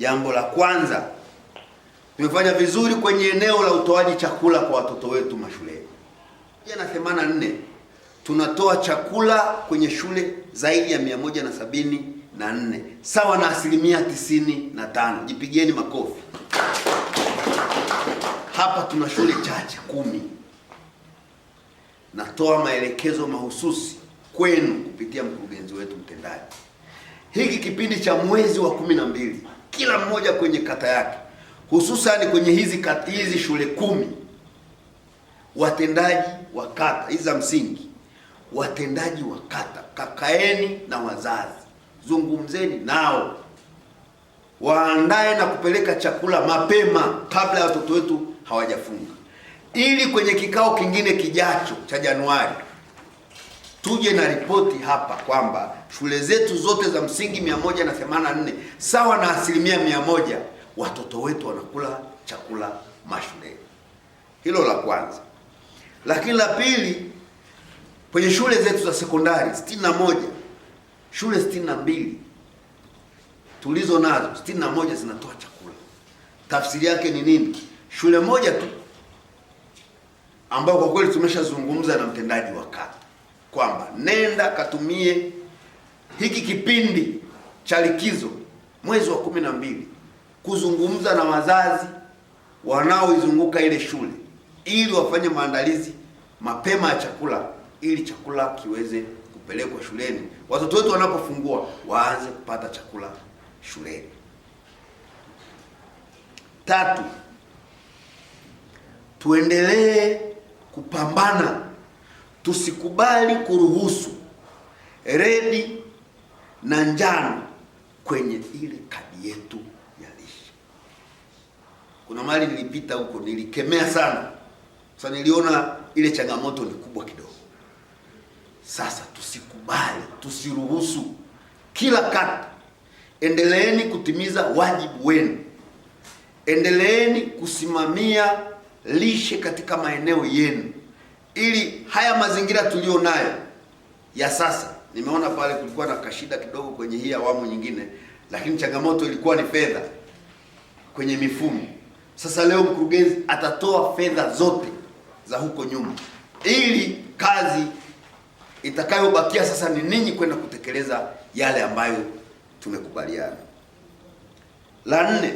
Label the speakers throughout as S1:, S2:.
S1: Jambo la kwanza, tumefanya vizuri kwenye eneo la utoaji chakula kwa watoto wetu mashuleni. Jana nne tunatoa chakula kwenye shule zaidi ya nne sawa na asilimia tano. Jipigieni makofi. Hapa tuna shule chache kumi. Natoa maelekezo mahususi kwenu kupitia mkurugenzi wetu mtendaji. Hiki kipindi cha mwezi wa kumi na mbili kila mmoja kwenye kata yake, hususan kwenye hizi kata, hizi shule kumi, watendaji wa kata hizi za msingi, watendaji wa kata, kakaeni na wazazi, zungumzeni nao, waandae na kupeleka chakula mapema kabla ya watoto wetu hawajafunga, ili kwenye kikao kingine kijacho cha Januari tuje na ripoti hapa kwamba shule zetu zote za msingi 184 sawa na asilimia mia moja watoto wetu wanakula chakula mashuleni. Hilo la kwanza, lakini la pili, kwenye shule zetu za sekondari 61 shule 62 tulizo nazo 61 zinatoa chakula. Tafsiri yake ni nini? Shule moja tu ambayo kwa kweli tumeshazungumza na mtendaji wa kata kwamba nenda katumie hiki kipindi cha likizo mwezi wa kumi na mbili kuzungumza na wazazi wanaoizunguka ile shule ili wafanye maandalizi mapema ya chakula ili chakula kiweze kupelekwa shuleni, watoto wetu wanapofungua waanze kupata chakula shuleni. Tatu, tuendelee kupambana tusikubali kuruhusu redi na njano kwenye ile kadi yetu ya lishe. Kuna mali nilipita huko, nilikemea sana. Sasa niliona ile changamoto ni kubwa kidogo. Sasa tusikubali, tusiruhusu. Kila kata, endeleeni kutimiza wajibu wenu, endeleeni kusimamia lishe katika maeneo yenu ili haya mazingira tulio nayo ya sasa, nimeona pale kulikuwa na kashida kidogo kwenye hii awamu nyingine, lakini changamoto ilikuwa ni fedha kwenye mifumo. Sasa leo mkurugenzi atatoa fedha zote za huko nyuma, ili kazi itakayobakia sasa ni ninyi kwenda kutekeleza yale ambayo tumekubaliana. La nne,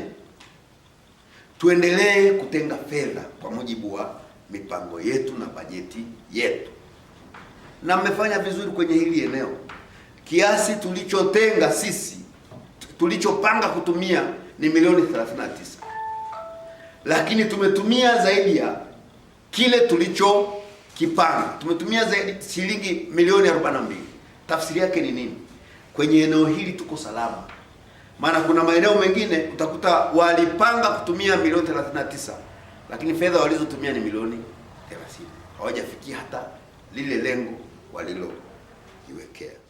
S1: tuendelee kutenga fedha kwa mujibu wa mipango yetu na bajeti yetu, na mmefanya vizuri kwenye hili eneo. Kiasi tulichotenga sisi tulichopanga kutumia ni milioni 39, lakini tumetumia zaidi ya kile tulichokipanga. Tumetumia zaidi shilingi milioni 42. Tafsiri yake ni nini? Kwenye eneo hili tuko salama, maana kuna maeneo mengine utakuta walipanga kutumia milioni 39 lakini fedha walizotumia ni milioni 30. Hawajafikia hata lile lengo walilojiwekea.